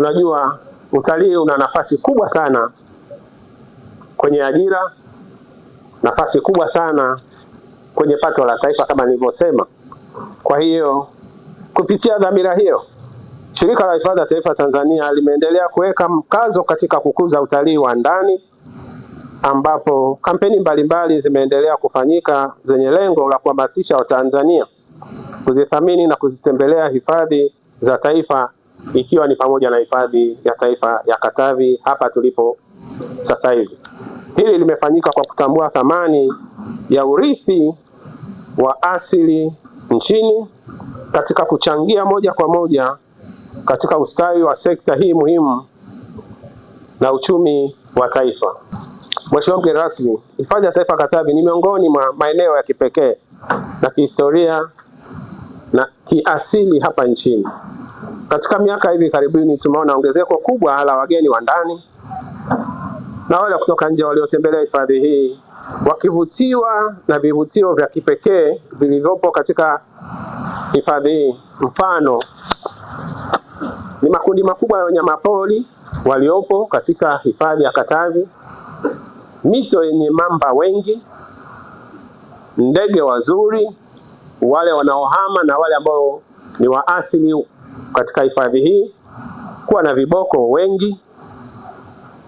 Unajua, utalii una nafasi kubwa sana kwenye ajira, nafasi kubwa sana kwenye pato la taifa kama nilivyosema. Kwa hiyo kupitia dhamira hiyo, Shirika la Hifadhi ya Taifa Tanzania limeendelea kuweka mkazo katika kukuza utalii wa ndani ambapo kampeni mbalimbali zimeendelea kufanyika zenye lengo la kuhamasisha Watanzania kuzithamini na kuzitembelea hifadhi za taifa ikiwa ni pamoja na hifadhi ya taifa ya Katavi hapa tulipo sasa hivi. Hili limefanyika kwa kutambua thamani ya urithi wa asili nchini katika kuchangia moja kwa moja katika ustawi wa sekta hii muhimu na uchumi wa taifa. Mheshimiwa mgeni rasmi, hifadhi ya taifa Katavi ni miongoni mwa maeneo ya kipekee na kihistoria na kiasili hapa nchini. Katika miaka hivi karibuni tumeona ongezeko kubwa la wageni wa ndani na wale kutoka nje waliotembelea hifadhi hii wakivutiwa na vivutio vya kipekee vilivyopo katika hifadhi hii. Mfano ni makundi makubwa ya wanyamapori waliopo katika hifadhi ya Katavi, mito yenye mamba wengi, ndege wazuri, wale wanaohama na wale ambao ni wa asili katika hifadhi hii, kuwa na viboko wengi,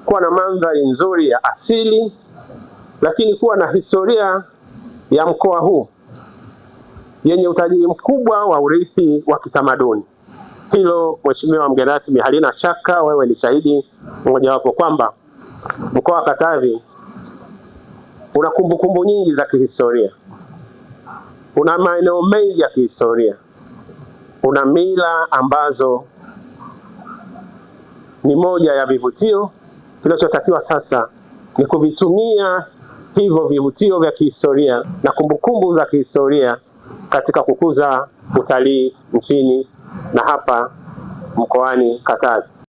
kuwa na mandhari nzuri ya asili, lakini kuwa na historia ya mkoa huu yenye utajiri mkubwa wa urithi wa kitamaduni. Hilo Mheshimiwa mgeni rasmi, halina shaka, wewe ni shahidi mmojawapo kwamba mkoa wa Katavi una kumbukumbu nyingi za kihistoria, una maeneo mengi ya kihistoria kuna mila ambazo ni moja ya vivutio. Kinachotakiwa sasa ni kuvitumia hivyo vivutio vya kihistoria na kumbukumbu za kihistoria katika kukuza utalii nchini na hapa mkoani Katavi.